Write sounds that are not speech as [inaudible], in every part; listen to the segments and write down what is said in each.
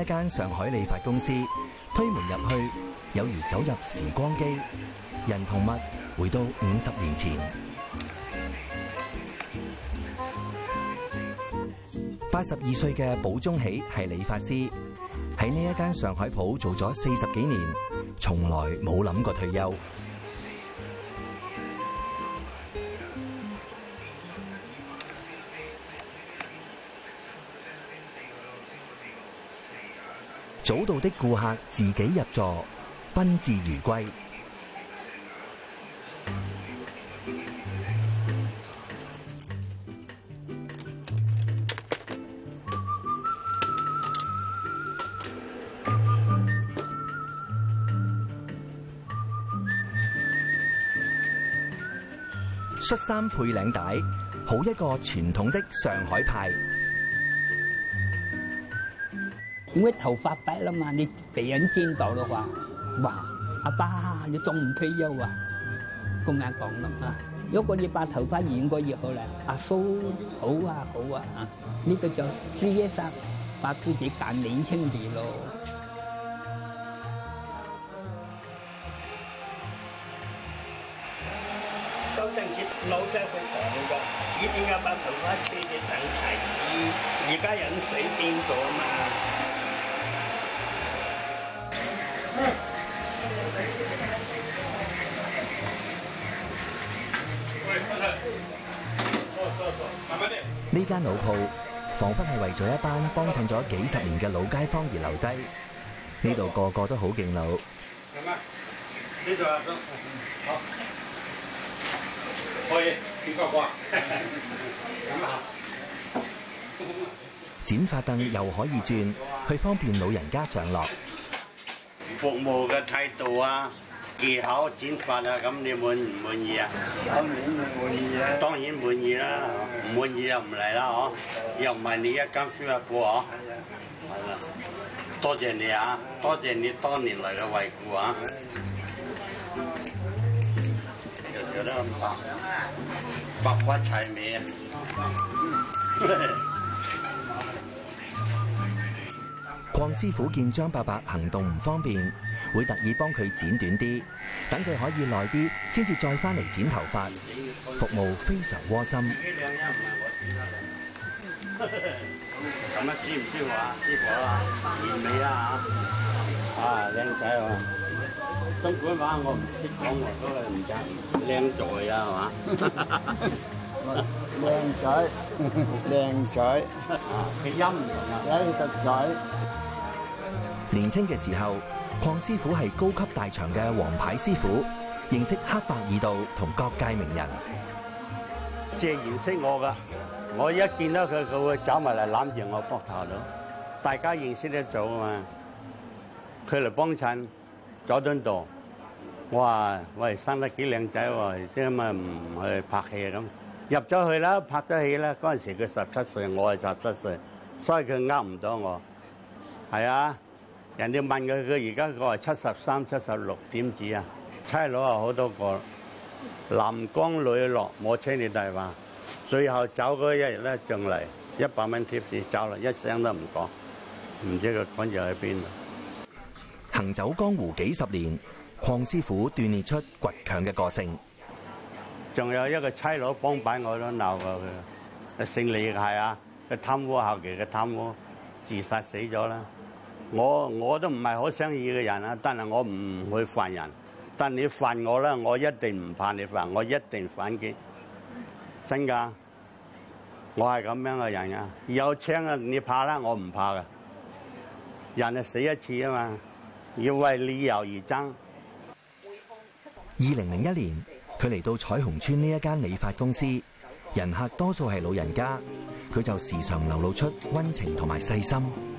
一間上海理髮公司，推門入去，有如走入時光機，人同物回到五十年前。八十二歲嘅保宗喜係理髮師，喺呢一間上海鋪做咗四十幾年，從來冇諗過退休。早到的顧客自己入座，賓至如歸。恤衫 [noise] 配領帶，好一個傳統的上海派。因為頭髮白了嘛，你被人見到的話，話阿爸，爸你仲唔退休啊？咁樣講啦嘛，如果你把頭髮染過以後呢，越好啦，阿叔，好啊好啊，呢、啊這個就注意下，把自己扮年輕啲咯。真正老者會講噶，一定要把頭髮吹得整齊，而、嗯、家人水變咗嘛。呢間老鋪仿佛係為咗一班幫襯咗幾十年嘅老街坊而留低，呢度個個都好敬老。好，可以，你剪 [laughs] 發凳又可以轉，去方便老人家上落。服務嘅態度啊！技巧剪髮啊，咁你滿唔滿意啊？當然滿意啦、啊，唔滿意就唔嚟啦，嗬、啊！又唔係你一間書畫鋪，嗬？係啊，係、啊、啦，多謝你啊，多謝你多年嚟嘅維護啊！有、嗯、有、嗯嗯、得白白花齊美。啊！ [laughs] 鄺師傅見張伯伯行動唔方便，會特意幫佢剪短啲，等佢可以耐啲，先至再翻嚟剪頭髮。服務非常窩心。靚仔、啊年青嘅時候，鄺師傅係高級大場嘅皇牌師傅，認識黑白二道同各界名人。借認識我噶，我一見到佢，佢會走埋嚟攬住我膊頭度。大家認識得早啊嘛，佢嚟幫襯佐敦道。我話喂，生得幾靚仔喎，即係咪唔去拍戲咁。入咗去啦，拍咗戲啦。嗰陣時佢十七歲，我係十七歲，所以佢呃唔到我。係啊。人哋問佢，佢而家個係七十三、七十六點止啊！差佬有好多個，男光女落，我聽你大話。最後走嗰一日咧，上嚟一百蚊貼士，走啦，一聲都唔講，唔知佢趕住喺邊。行走江湖幾十年，鄺師傅鍛鍊出倔強嘅個性。仲有一個差佬幫擺，我都鬧過佢。姓李嘅係啊，佢貪污後期嘅貪污自殺，自殺死咗啦。我我都唔係好生意嘅人啊，但係我唔會犯人。但係你犯我啦，我一定唔怕你犯，我一定反擊，真噶，我係咁樣嘅人啊！有槍啊，你怕啦，我唔怕噶。人係死一次啊嘛，要為理由而爭。二零零一年，佢嚟到彩虹邨呢一間理髮公司，人客多數係老人家，佢就時常流露出温情同埋細心。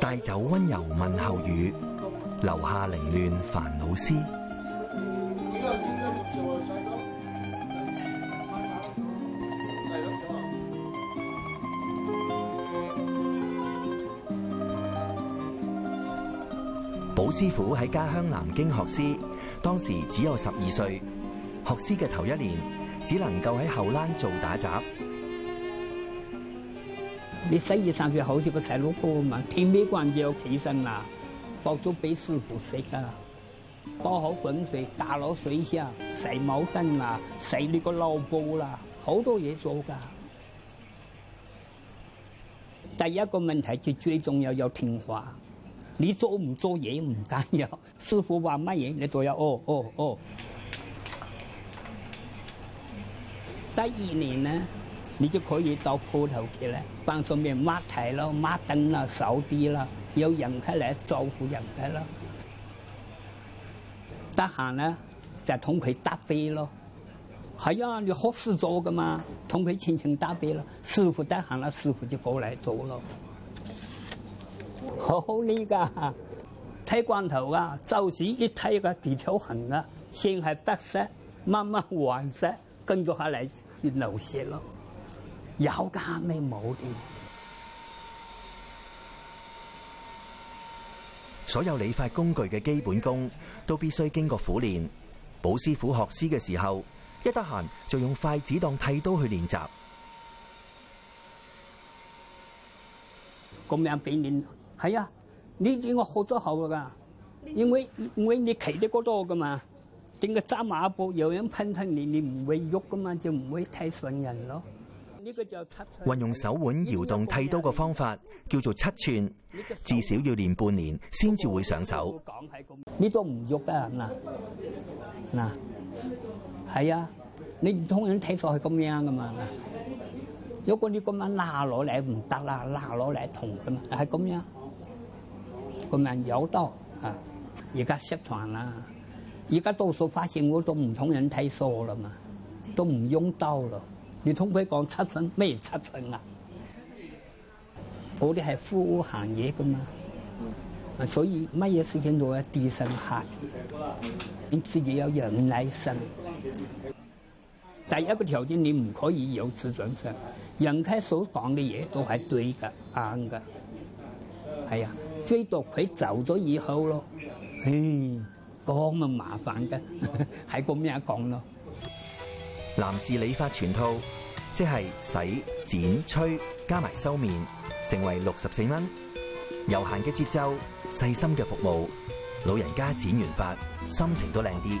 帶走溫柔問候語，留下凌亂煩惱絲。保師傅喺家鄉南京學師，當時只有十二歲。學師嘅頭一年，只能夠喺後欄做打雜。你生意上去，好幾個細路哥嘛，天未光就要起身啦，煲粥俾師傅食啊，煲好滾水打落水箱洗毛巾啦、啊，洗你個撈布啦，好多嘢做噶。第一個問題就最重要，要聽話。你做唔做嘢唔緊要，師傅話乜嘢你都要哦哦哦。第二年呢？你就可以到鋪頭去咧，幫上面抹台咯、抹燈啦、掃地啦，有人客嚟招呼人客咯。得閒咧，就同佢搭飛咯。係、哎、啊，你學師做噶嘛，同佢傾傾搭飛咯。師傅得閒啦，師傅就過嚟做咯。好呢噶，睇光頭啊，就是一睇個地球痕啊，先係白色，慢慢黃色，跟住下嚟就流血咯。有噶，咩冇啲。所有理髮工具嘅基本功都必須經過苦練。保師傅學師嘅時候，一得閒就用筷子當剃刀去練習。咁樣俾你，係啊，你見我學咗好㗎，因為因為你企得過多噶嘛，整個扎馬步。有人噴噴你，你唔會喐噶嘛，就唔會太損人咯。呢個就運用手腕搖動剃刀嘅方法，叫做七寸，至少要練半年先至會上手。呢都唔喐得人啦嗱，係啊，你唔同人剃鬚係咁樣噶嘛嗱？如果你咁樣拉攞嚟唔得啦，拉攞嚟痛噶嘛，係咁樣。咁樣有刀啊，而家失傳啦，而家多數發現我都唔同人剃鬚啦嘛，都唔用刀啦。你同佢講七分咩七分啊？我哋係呼行嘢噶嘛？所以乜嘢事情都要低聲下氣，你自己有忍耐心。第一個條件，你唔可以有自尊心。人佢所講嘅嘢都係對噶硬噶。係啊，最多佢走咗以後咯，唉，咁啊麻煩噶，喺個咩講咯？男士理髮全套，即係洗、剪、吹，加埋修面，盛惠六十四蚊。悠閒嘅節奏，細心嘅服務，老人家剪完髮，心情都靚啲。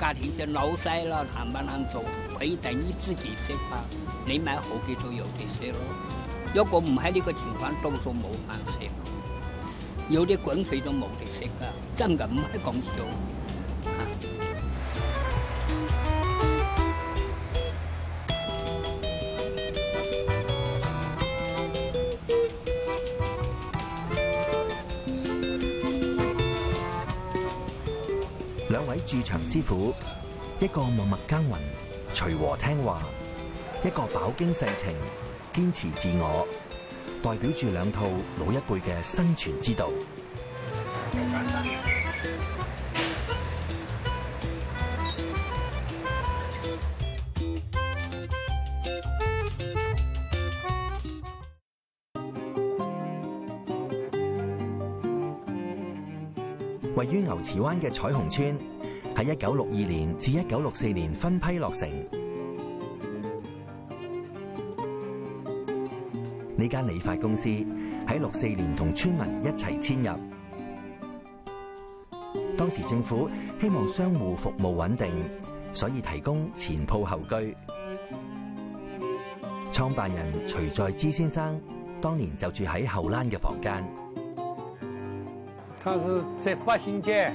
價錢就老細咯，難唔難做，佢等於自己食飯，你買好嘅都有得食咯。如果唔喺呢個情況，多數冇飯食。有啲滾水都冇得食噶，真嘅唔係講笑。住場師傅，一個默默耕耘、隨和聽話；一個飽經世情、堅持自我，代表住兩套老一輩嘅生存之道。嗯嗯。位於牛池灣嘅彩虹邨，喺一九六二年至一九六四年分批落成，呢間理髮公司喺六四年同村民一齊遷入。當時政府希望商戶服務穩定，所以提供前鋪後居。創辦人徐在之先生當年就住喺後欄嘅房間。他是在髮興街。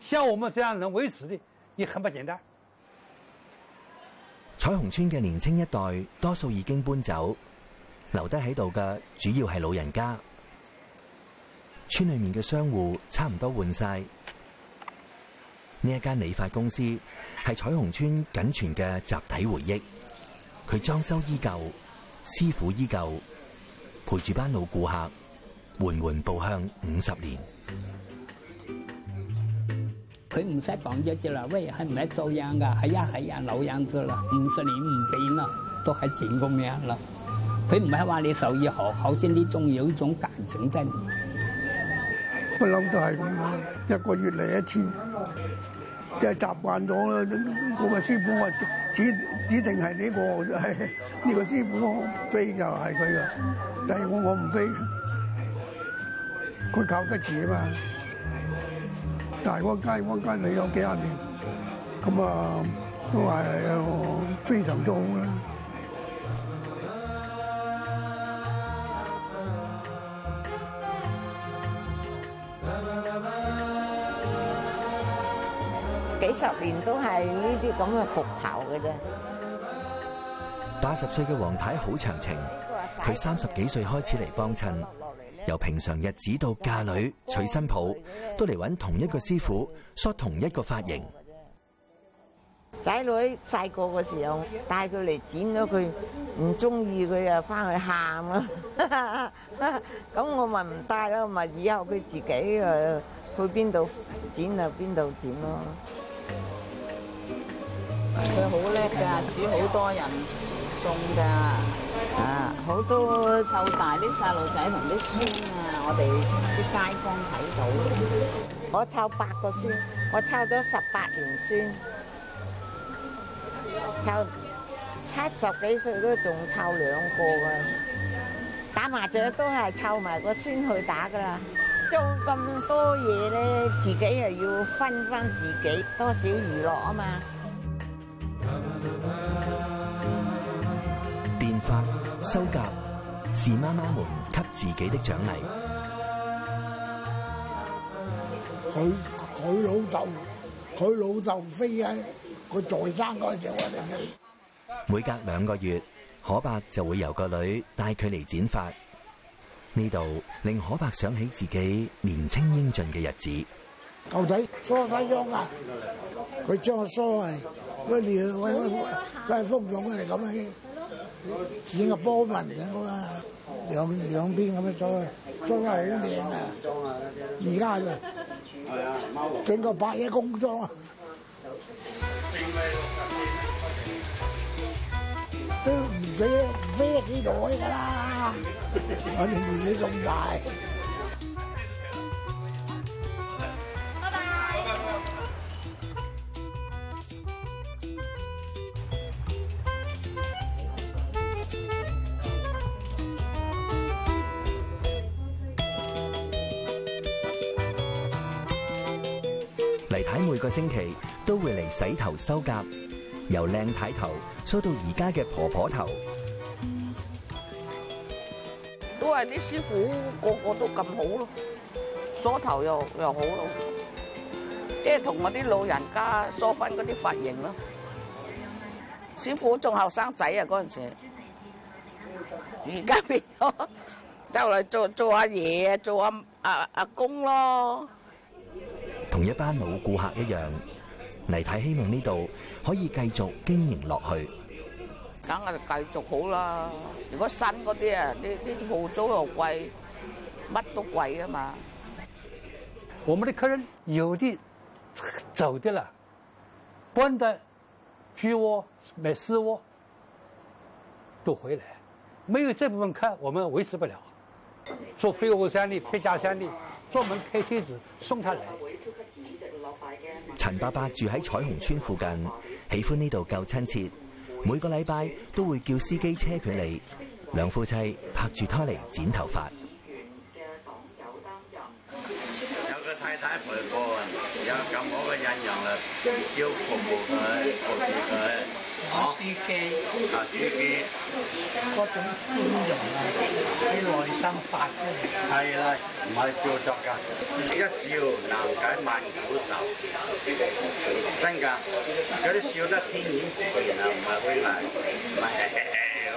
像我們這樣能維持的，也很不簡單。彩虹邨嘅年青一代多數已經搬走，留低喺度嘅主要係老人家。村裏面嘅商戶差唔多換晒。呢一間理髮公司係彩虹邨僅存嘅集體回憶，佢裝修依舊，師傅依舊，陪住班老顧客，緩緩步向五十年。你唔使講咗住啦，喂，係唔係做樣噶？係呀係呀，老樣子啦，五十年唔變啦，都係前嗰名啦。佢唔係話你受益好，好似你仲有一種感情真。我諗都係，一個月嚟一次，即係習慣咗啦。個個師傅我指指定係呢個係呢個師傅飛就係佢噶，但係我我唔飛，佢靠得住嘛？但係嗰個街，嗰個街你有幾廿年，咁啊都係非常多好嘅。幾十年都係呢啲咁嘅局頭嘅啫。八十歲嘅黃太好長情，佢三十幾歲開始嚟幫襯。由平常日子到嫁女娶新抱，都嚟揾同一個師傅，梳同一個髮型。仔女細個嘅時候帶佢嚟剪咗佢，唔中意佢啊，翻去喊啊！咁 [laughs] 我咪唔帶咯，咪以後佢自己去去邊度剪就邊度剪咯。佢好叻㗎，煮好多人送㗎。啊！好多湊大啲細路仔同啲孫啊，我哋啲街坊睇到。我湊八個孫，我湊咗十八年孫，湊七十幾歲都仲湊兩個噶。打麻雀都係湊埋個孫去打噶啦。做咁多嘢咧，自己又要分翻自己，多少娛樂啊嘛。收甲，是媽媽們給自己的獎勵。佢佢老豆，佢老豆飛啊！佢在生嗰陣，我哋未。每隔兩個月，可伯就會由個女帶佢嚟剪髮。呢度令可伯想起自己年青英俊嘅日子。狗仔梳晒妝啊！佢將我梳嚟，佢撩，佢佢，佢風湧佢係咁樣。整個波紋啊嘛，兩兩邊咁樣裝，裝得好靚啊！裝啊！而家啊，整個百億工裝啊，都唔使飛得幾耐㗎啦！我哋自己咁大。個星期都會嚟洗頭修甲，由靚睇頭梳到而家嘅婆婆頭，都係啲師傅個個都咁好咯，梳頭又又好咯，即係同我啲老人家梳返嗰啲髮型咯。師傅仲後生仔啊，嗰陣時，而家變咗，就嚟做做下嘢，做下阿阿公咯。同一班老顧客一樣嚟睇，來看希望呢度可以繼續經營落去。梗係繼續好啦，如果新嗰啲啊，呢啲鋪租又貴，乜都貴啊嘛。我們啲客人有啲走的啦，搬得居窩、買私窩都回來，沒有這部分客，我們維持不了。坐飛鵝山的、畢架山的，專門開車子送他來。陳伯伯住喺彩虹邨附近，喜歡呢度夠親切，每個禮拜都會叫司機車佢嚟，兩夫妻拍住拖嚟剪頭髮。有個太太有咁好嘅印象啊，要服務佢、服侍佢。啊，司機啊，司機，各種寬容啊，啲內心發出嚟。係、啊、啦，唔係叫作噶，一笑難解萬古愁。真㗎，嗰啲笑得天然自然，唔係虛假，唔係。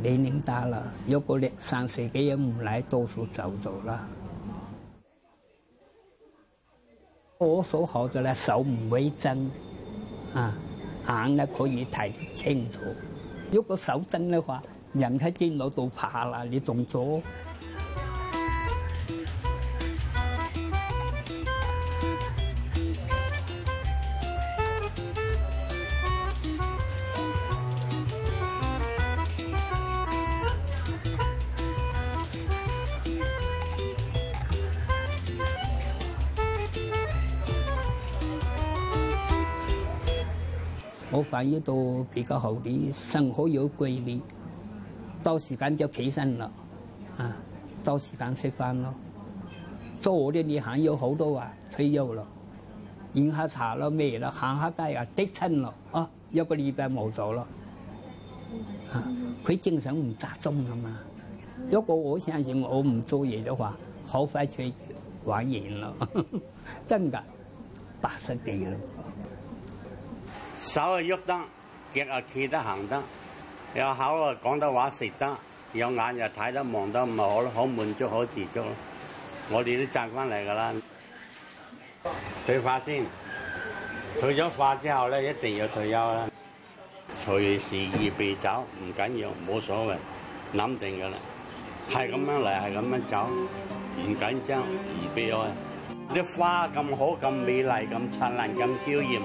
年齡大啦，如果力三十幾唔嚟，多數走咗啦。我所學咗咧，手唔會震，啊，眼、啊、咧可以睇得清楚。如果手震嘅話，人喺電腦度拍啦，你仲做？要到比較好啲，生活有規律，到時間就起身咯，啊，到時間食飯咯。做我哋呢行有好多啊，退休咯，飲下茶咯，咩咯，行下街啊，跌親咯，啊，一個禮拜冇做咯，啊，佢精神唔集中啊嘛。如果我相信我唔做嘢嘅話，好快脆玩完咯， [laughs] 真㗎，八十幾咯。手啊喐得，腳啊企得行得，有口啊講得話食得，有眼又睇得望得，咪可好，好滿足好自足咯。我哋都賺翻嚟噶啦。退化先，退咗化之後咧，一定要退休啦。隨時預備走，唔緊要，冇所謂，諗定噶啦。係咁樣嚟，係咁樣走，唔緊張，易悲哀。啲花咁好，咁美麗，咁燦爛，咁嬌豔。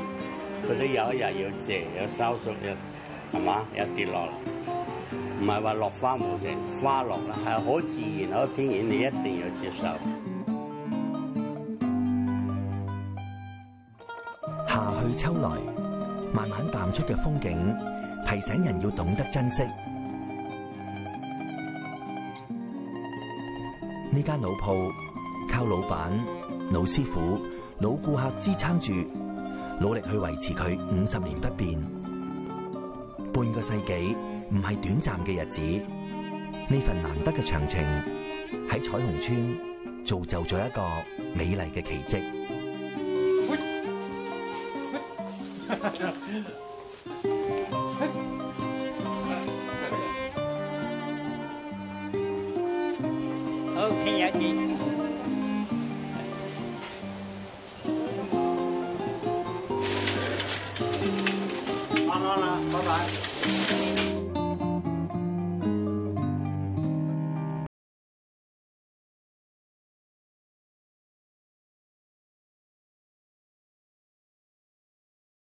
佢都有一日要謝，有收縮，有係嘛，有跌落，唔係話落花無情，花落啦係好自然，好天然，你一定要接受。夏去秋來，慢慢淡出嘅風景，提醒人要懂得珍惜。呢間老鋪靠老闆、老師傅、老顧客支撐住。努力去維持佢五十年不變，半個世紀唔係短暫嘅日子，呢份難得嘅長情喺彩虹邨造就咗一個美麗嘅奇蹟。